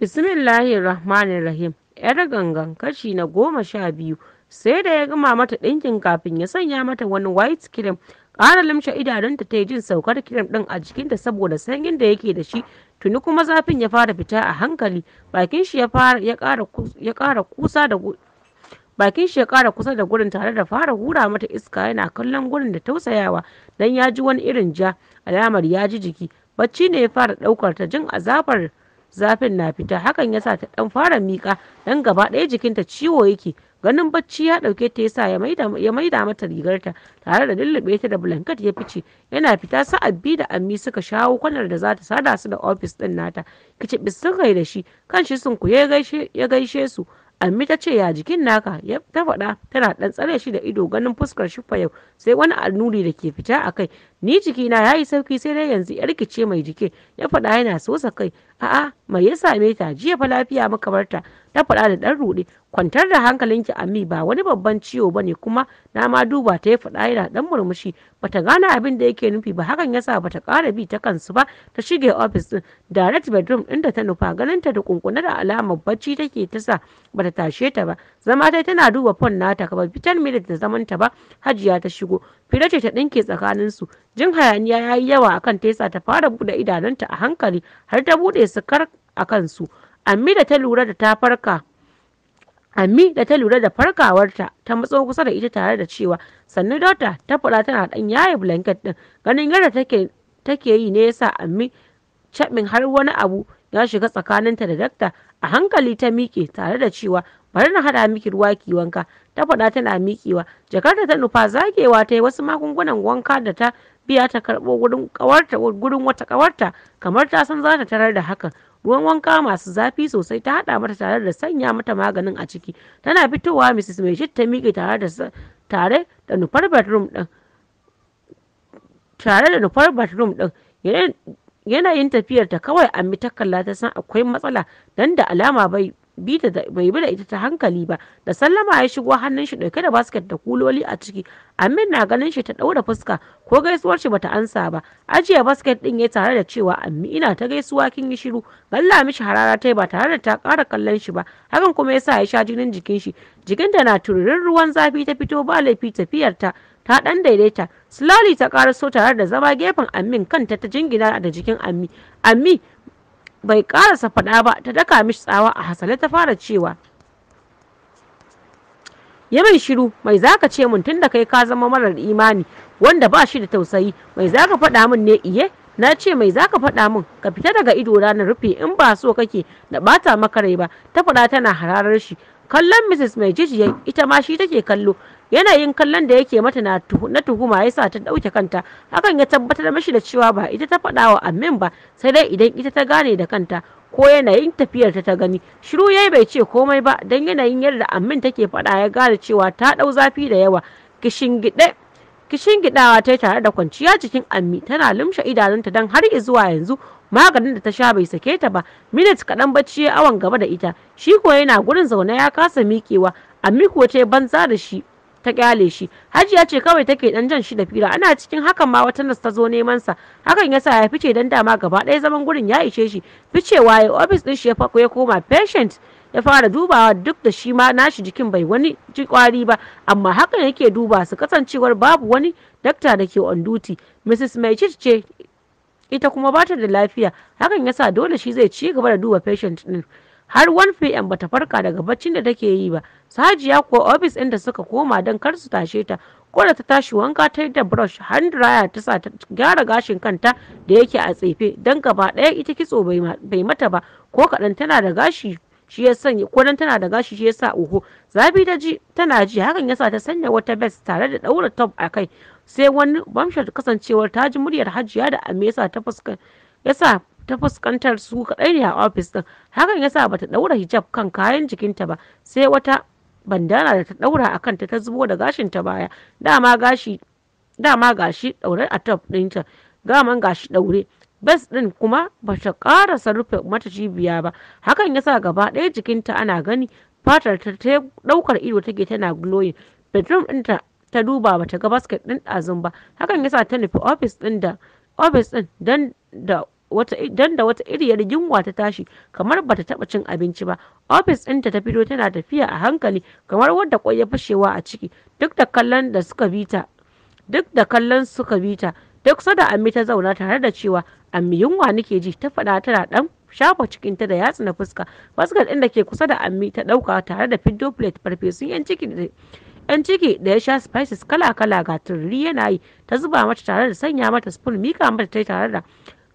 Bismillahirrahmanirrahim. 'Yar gangan kashi na goma sha biyu sai da ya gama mata ɗinkin kafin ya sanya mata wani white cream ƙara limshe idanunta ta yi jin saukar cream ɗin a jikinta saboda sanyin da yake da shi tuni kuma zafin ya fara fita a hankali bakin shi ya ƙara kusa da bakin shi ya ƙara kusa da gurin tare da fara hura mata iska yana kallon gurin da tausayawa dan ya ji wani irin ja alamar ya ji jiki bacci ne ya fara ɗaukar ta jin azabar zafin na fita hakan ya sa ta ɗan fara miƙa dan gaba ɗaya jikinta ciwo yake ganin bacci ya ɗauke ta yasa ya maida mata rigarta tare da lullube ta da blanket ya fice yana fita biyu da ammi suka shawo kwanar da za ta sada su da ofis ɗin nata kicibis sun da shi kan shi sun ya gaishe su ammi ta ce ya jikin naka ya ta faɗa tana ɗan tsare shi da ido ganin fuskar shi yau sai wani alnuri da ke fita a kai ni jikina ya yi sauki sai dai yanzu ya rikice mai jike ya faɗa yana sosa kai a'a mai ya same ta jiya fa lafiya muka barta ta faɗa da ɗan ruɗe kwantar da hankalinki ami ba wani babban ciwo ba ne kuma na ma duba ta ya faɗa yana ɗan murmushi bata gane abin da yake nufi ba hakan yasa bata ƙara bi ta kansu ba ta shige ofis ɗin direct bedroom ɗin da ta nufa ganin ta da kunkuna da alamar bacci take ta sa bata tashe ta ba zama dai tana duba fon nata ka ba fitan minit da zaman ta ba hajiya ta shigo fira ce ta ɗinke tsakaninsu jin hayaniya ya yi yawa akan tesa ta fara buɗe idanunta a hankali har ta buɗe su kar a kansu Ami da ta lura da ta farka Ami da ta lura da farkawarta ta matso kusa da ita tare da cewa sannu dota ta faɗa tana ɗan yaye blanket ɗin ganin yadda take take yi ne yasa ami cabin har wani abu ya shiga tsakaninta da dakta a hankali ta miƙe tare da cewa bari na haɗa miki ruwa ki wanka ta faɗa tana miƙewa jakarta ta nufa zagewa ta yi wasu magungunan wanka da ta biya ta karɓo gurin wata ƙawarta kamar ta san za ta tarar da hakan ruwan wanka masu zafi sosai ta haɗa mata tare da sanya mata maganin a ciki tana fitowa mrs mai ta miƙe tare da tare da nufar bedroom ɗin tare da nufar bedroom din yanayin tafiyar ta kawai a ta kalla ta san akwai matsala dan da alama bai bita da bai bi da ita ta hankali ba da sallama ya shigo hannun shi dauke da basket da kuloli a ciki amin na ganin shi ta daura fuska ko gaisuwar shi bata ansa ba ajiye basket din ya tare da cewa ammi ina ta gaisuwa kin yi shiru galla mishi harara ta ba tare da ta kara kallon shi ba hakan kuma yasa ya sha jinin jikin shi jikin da na tururin ruwan zafi ta fito ba laifi tafiyar ta ta dan daidaita slowly ta karaso tare da zama gefen ammin kanta ta jingina da jikin ammi ammi bai karasa faɗa ba ta daka mishi tsawa a hasale ta fara cewa ya mai shiru mai zaka ce mun tunda kai ka zama marar imani wanda ba shi da tausayi mai zaka faɗa min ne iye na ce mai zaka faɗa min ka fita daga ido na rufe in ba so kake da bata maka rai ba ta faɗa tana hararar shi kallon mrs mai jijiya ita ma shi take kallo yanayin kallon da yake mata na tuhuma ya sa ta ɗauke kanta hakan ya tabbatar mashi da cewa ba ita ta faɗa wa amin ba sai dai idan ita ta gane da kanta ko yanayin tafiyar ta ta gani shiru yayi bai ce komai ba don yanayin yadda amin take faɗa ya gane cewa ta ɗau zafi da yawa kishin gide kishin gidawa ta tare da kwanciya cikin ammi tana lumshe idanunta don har zuwa yanzu maganin da ta sha bai sake ta ba minit kaɗan bacci ya awon gaba da ita shi kuwa yana gurin zaune ya kasa miƙewa ammi kuwa ta banza da shi ta kyale shi hajiya ce kawai take dan jan shi da fira ana cikin hakan ma wata nas ta zo neman sa hakan yasa ya fice dan dama gaba ɗaya zaman gurin ya ishe shi ficewa ya office din shi ya ya koma patient ya fara dubawa duk da shi ma nashi jikin bai wani ji kwari ba amma hakan yake duba su kasancewar babu wani dakta da ke on duty mrs mai ce ita kuma bata da lafiya hakan yasa dole shi zai ci gaba da duba patient din har 1pm bata farka daga baccin da take yi ba sajiya ko ofis inda suka koma don kar su tashe ta ko da ta tashi wanka ta yi da brush hand dryer ta sa ta gyara gashin kanta da yake a tsefe don gaba ɗaya ita kitso bai mata ba ko kaɗan tana da gashi shi ya sanya ko dan tana da gashi shi ya sa oho zabi da ji tana ji hakan ya sa ta sanya wata vest tare da ɗaura top a kai sai wani bamshar kasancewar ta ji muryar hajiya da me yasa ta ta fuskantar su kaɗai ne a ofis ɗin hakan yasa bata ɗaura hijab kan kayan jikinta ba sai wata bandana da ta ɗaura a kanta ta zubo da gashin ta baya dama gashi dama gashi ɗaure a top ɗinta gaman gashi ɗaure bas ɗin kuma bata sa rufe mata cibiya ba hakan yasa gaba ɗaya jikinta ana gani fatar ta ɗaukar ido take tana glowing bedroom ɗinta ta duba bata ga basket ɗin ɗazun ba hakan yasa ta nufi ofis ɗin da ofis ɗin don da wata dan da wata iriyar yunwa ta tashi kamar bata taba cin abinci ba ofis ɗinta ta fito tana tafiya a hankali kamar wadda kwai ya fashewa a ciki duk da kallon da suka bita duk da kallon suka bita duk sada ammi ta zauna tare da cewa ammi yunwa nake ji ta faɗa tana dan shafa cikinta da yatsu na fuska fuskar ɗin da ke kusa da ammi ta ɗauka tare da fiddo plate farfesun yan ciki da yan ciki da ya sha spices kala-kala ga turri yana yi ta zuba mata tare da sanya mata spoon mika mata tare da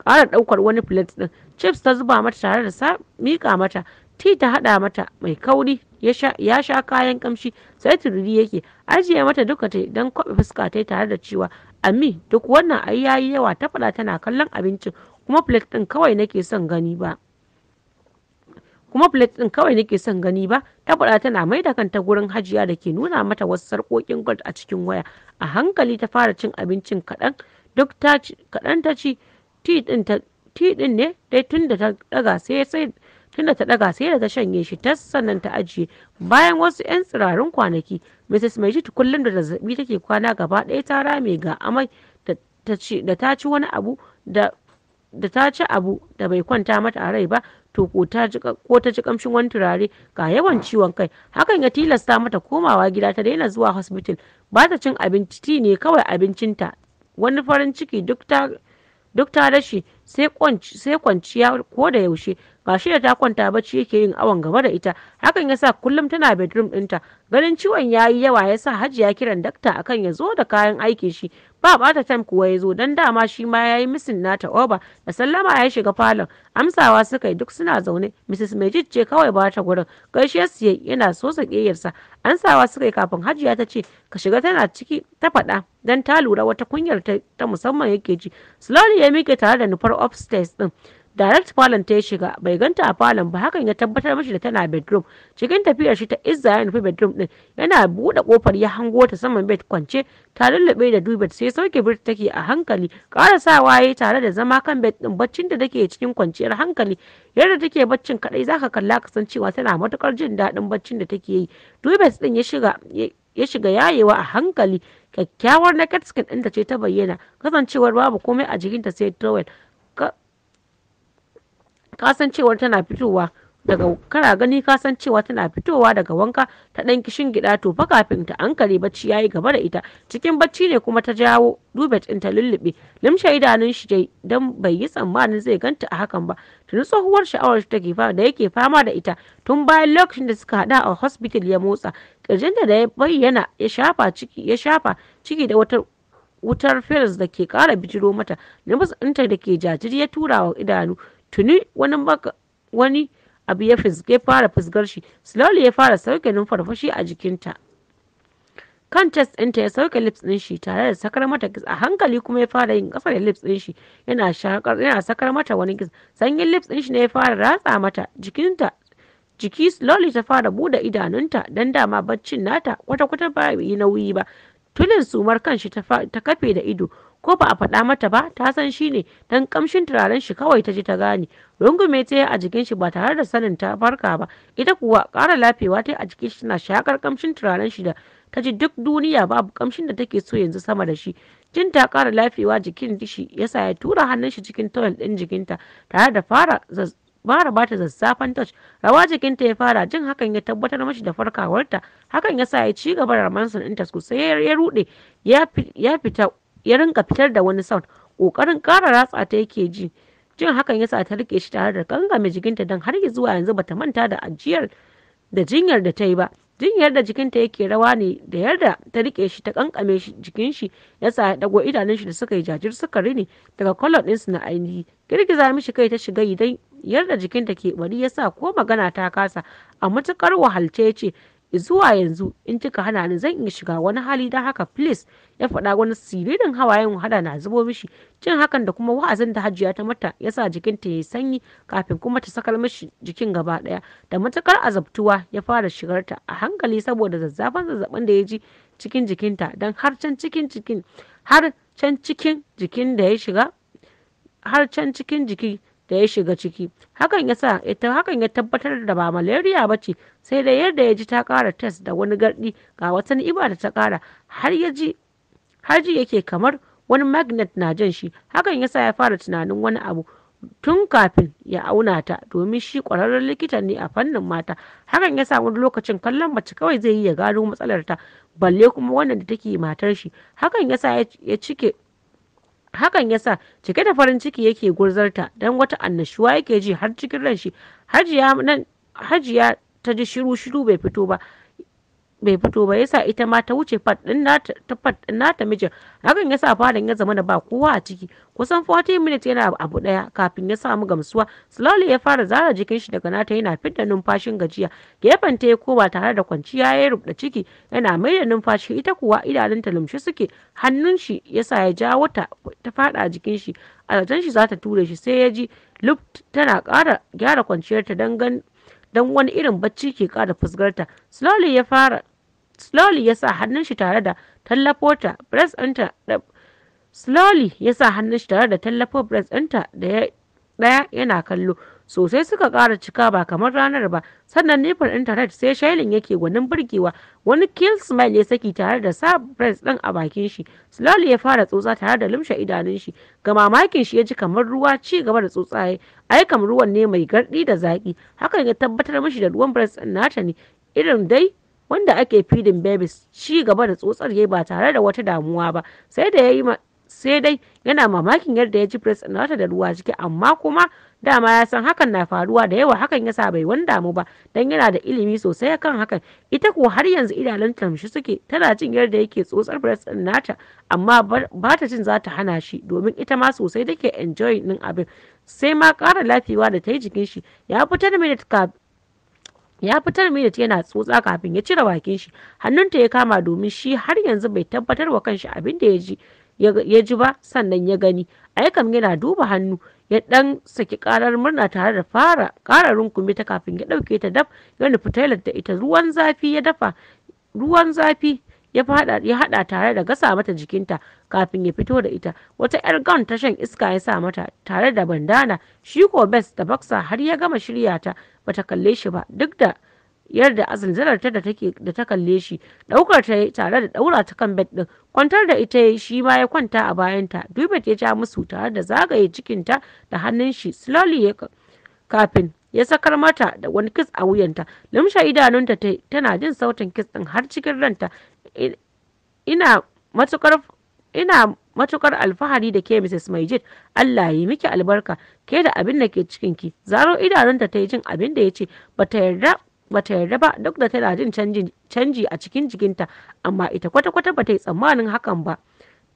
ƙara ɗaukar wani plate ɗin chips ta zuba mata tare da sa miƙa mata ti ta haɗa mata mai kauri ya sha kayan kamshi sai tururi yake ajiye mata duka ta idan kwabe fuska ta tare da cewa ami duk wannan ai yayi yawa ta faɗa tana kallon abincin kuma plate ɗin kawai nake son gani ba kuma plate ɗin kawai nake son gani ba ta faɗa tana mai da kanta gurin hajiya da ke nuna mata wasu sarkokin gold a cikin waya a hankali ta fara cin abincin kaɗan duk ta kadan ta ci ti din ne dai tun da ta daga sai sai tunda ta daga sai da ta shanye shi tas sannan ta ajiye bayan wasu 'yan tsirarun kwanaki mrs mai kullum da zazzabi take kwana gaba ɗaya ta rame ga amai da ta ci wani abu da da ta ci abu da bai kwanta mata a rai ba to ko ta ji kamshin wani turare ga yawan ciwon kai hakan ya tilasta mata komawa gida ta daina zuwa hospital ba ta cin abinci ne kawai abincinta wani farin ciki duk ta duk ta dashi sai kwanciya ko da yaushe ga shi da ta kwanta bacci yake yin awon gaba da ita hakan yasa kullum tana bedroom dinta. ganin ciwon yayi yawa yasa hajiya kiran dakta akan ya zo da kayan aikin shi ba bata tam kuwa ya zo dan dama shi ma yayi yi misin nata oba da sallama ya shiga falon amsawa suka yi duk suna zaune mrs majid ce kawai ba ta gurin gaishe yayi yana so kiyarsa ansawa suka yi kafin hajiya ta ce ka shiga tana ciki ta faɗa dan ta lura wata kunyar ta musamman yake ji slowly ya mike tare da nufar upstairs din direct falon ta shiga bai ganta a falon ba hakan ya tabbatar mashi da tana bedroom cikin tafiyar shi ta izza ya nufi bedroom din yana buɗe kofar ya hango ta saman bed kwance ta lullube da dubet sai sauke birta take a hankali karasawa ya yi tare da zama kan bed din baccin da take cikin kwanciyar hankali yadda take baccin kadai zaka kalla ka san cewa tana matukar jin daɗin baccin da take yi dubet din ya shiga ya shiga yayewa a hankali kyakkyawar naked skin ɗinta ce ta bayyana kasancewar babu komai a jikinta sai towel kasancewar tana fitowa daga kara gani kasancewa tana fitowa daga wanka ta dan kishin gida to fa kafin ta ankare bacci yayi gaba da ita cikin bacci ne kuma ta jawo dubet din ta lullube limshe idanun shi dai dan bai yi tsammanin zai ganta a hakan ba tun tsohuwar sha'awar ta ke da yake fama da ita tun bayan lokacin da suka hada a hospital ya motsa kirjinta da ya bayyana ya shafa ciki ya shafa ciki da wata wutar fils da ke kara bijiro mata limus ɗinta da ke jajiri ya tura wa idanu tuni wani baka wani abu ya fara fusgar shi slowly ya fara sauke numfarfashi a jikinta kan chest ɗinta ya sauke lips ɗin shi tare da sakar mata a hankali kuma ya fara yin ƙasa da lips ɗin shi yana shakar yana sakar mata wani kiss sanyin lips ɗin shi ne ya fara ratsa mata jikinta jiki slowly ta fara bude idanunta dan dama baccin nata kwata-kwata ba yi nauyi ba tulin sumar kanshi ta kafe da ido ko ba a faɗa mata ba ta san shi ne don ƙamshin turaren shi kawai ta ji ta gane rungume ta yi a jikin shi ba tare da sanin ta farka ba ita kuwa ƙara lafewa ta a jikin shi tana shakar kamshin turaren shi da ta ji duk duniya babu kamshin da take so yanzu sama da shi jin ta ƙara lafewa jikin dishi yasa ya tura hannun shi cikin tawal ɗin jikinta tare da fara bara ba ta zazzafan touch rawa jikinta ya fara jin hakan ya tabbatar mashi da farkawarta hakan ya sa ya ci gaba da ramansa ɗinta sosai ya rude ya fita ya rinka fitar da wani sound ƙoƙarin kara ratsa ta yake ji jin hakan yasa ta rike shi tare da gangame jikinta don har zuwa yanzu bata manta da ajiyar da jinyar da ta yi ba jinyar da jikinta yake rawa ne da yarda ta rike shi ta kankame jikin shi yasa ya dago idanun shi da suka yi jajir suka rini daga kwallon ɗinsu na ainihi girgiza mishi kai ta shiga idan yarda jikinta ke bari yasa ko magana ta kasa a matukar wahalce ce zuwa yanzu in kika hana ni zan iya shiga wani hali don haka please ya faɗa wani siririn hawayen wahala na zubo mishi jin hakan da kuma wa'azin da hajiya ta mata ya sa jikinta ya sanyi kafin kuma ta sakar mishi jikin gaba ɗaya da matukar azabtuwa ya fara shigarta a hankali saboda zazzafan zazzabin da ya ji cikin jikinta don har can cikin cikin har can cikin jikin da ya shiga har can cikin jiki da ya shiga ciki hakan ya sa ita hakan ya tabbatar da ba malaria ba ce sai da yadda ya ji ta kara test da wani gardi ga wata ni'ima da ta kara har ji har ji yake kamar wani magnet na jan shi hakan ya sa ya fara tunanin wani abu tun kafin ya auna ta domin shi kwararren likitan ne a fannin mata hakan ya sa wani lokacin kallon mace kawai zai yi ya gano matsalar ta balle kuma wannan da take matar shi hakan ya sa ya cike hakan yasa cike da farin ciki yake gurzarta don wata annashuwa yake ji har cikin ranshi hajiya ta ji shiru shiru bai fito ba bai fito ba yasa ita ma ta wuce fat din nata ta din mijin hakan yasa fadan ya zama da ba kowa a ciki kusan 40 minutes yana abu daya kafin ya samu gamsuwa slowly ya fara zara jikin shi daga nata yana fidda numfashin gajiya gefen ta ya koba tare da kwanciya ya rubda ciki yana mai da numfashi ita kuwa idanunta lumshi suke hannun shi yasa ya jawo ta ta fada jikin shi a shi za ta ture shi sai ya ji lub tana kara gyara kwanciyarta don wani irin bacci ke kara fusgarta slowly ya fara slowly ya sa hannun shi tare da tallafo ta press ɗinta da slowly ya sa hannun shi tare da tallafo press da ya daya yana kallo sosai suka kara cika ba kamar ranar ba sannan nifar internet sai shailin yake gwanin burgewa wani kill smile ya saki tare da sa press ɗin a bakin shi slowly ya fara tsotsa tare da lumshe idanun shi ga mamakin shi ya ji kamar ruwa ci gaba da tsotsaye ai kamar ruwan ne mai gardi da zaki hakan ya tabbatar mishi da ruwan press ɗin nata ne irin dai wanda ake feeding babies ci gaba da tsotsar yayi ba tare da wata damuwa ba sai da yayi sai dai yana mamakin yadda ya ji press nata da ruwa ciki amma kuma dama ya san hakan na faruwa da yawa hakan ya sa bai wani damu ba dan yana da ilimi sosai kan hakan ita ko har yanzu idanun tamshi suke tana jin yadda yake tsotsar press din nata amma ba ta jin za ta hana shi domin ita ma sosai take enjoy din abin sai ma kara lafiya da ta yi jikin shi ya fitar minit ya fitar ta yana tsotsa kafin ya cire bakin shi hannunta ya kama domin shi har yanzu bai tabbatar wa kanshi abin da ya ji ba sannan ya gani aikam yana duba hannu ya dan saki karar murna tare da fara kara rungume ta kafin ya dauke ta daf ya nufi toilet da ita ruwan zafi ya dafa ruwan zafi ya haɗa tare da gasa mata jikinta kafin ya fito da ita wata 'yar gan ta shan iska ya sa mata tare da bandana shi ko best da baksa har ya gama shirya ta bata kalle shi ba duk da yarda azanzarar ta da ta kalle shi daukar ta tare da daura ta kan bed din kwantar da ita shi ma ya kwanta a bayanta dubet ya ja musu tare da zagaye cikinta da hannun shi slowly ya kafin ya sakar mata da wani kis a wuyanta limsha idanunta tana jin sautin kis din har cikin ranta ina matukar alfahari da ke Mrs. Majid Allah yi miki albarka ke da abin da ke cikinki zaro idanunta ta yi jin abin da ya ce bata yarda bata yarda ba duk da tana jin canji a cikin jikinta amma ita kwata-kwata bata yi tsammanin hakan ba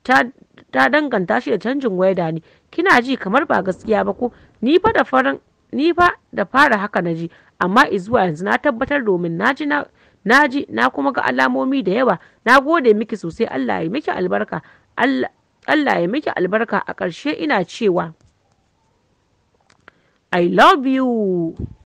ta, danganta shi da canjin waya ne kina ji kamar ba gaskiya ba ko ni fa da farin ni fa da fara haka na ji amma izuwa yanzu na tabbatar domin na ji na na ji na kuma ga alamomi da yawa na gode miki sosai Allah ya miki albarka Allah ya miki albarka a ƙarshe ina cewa I love you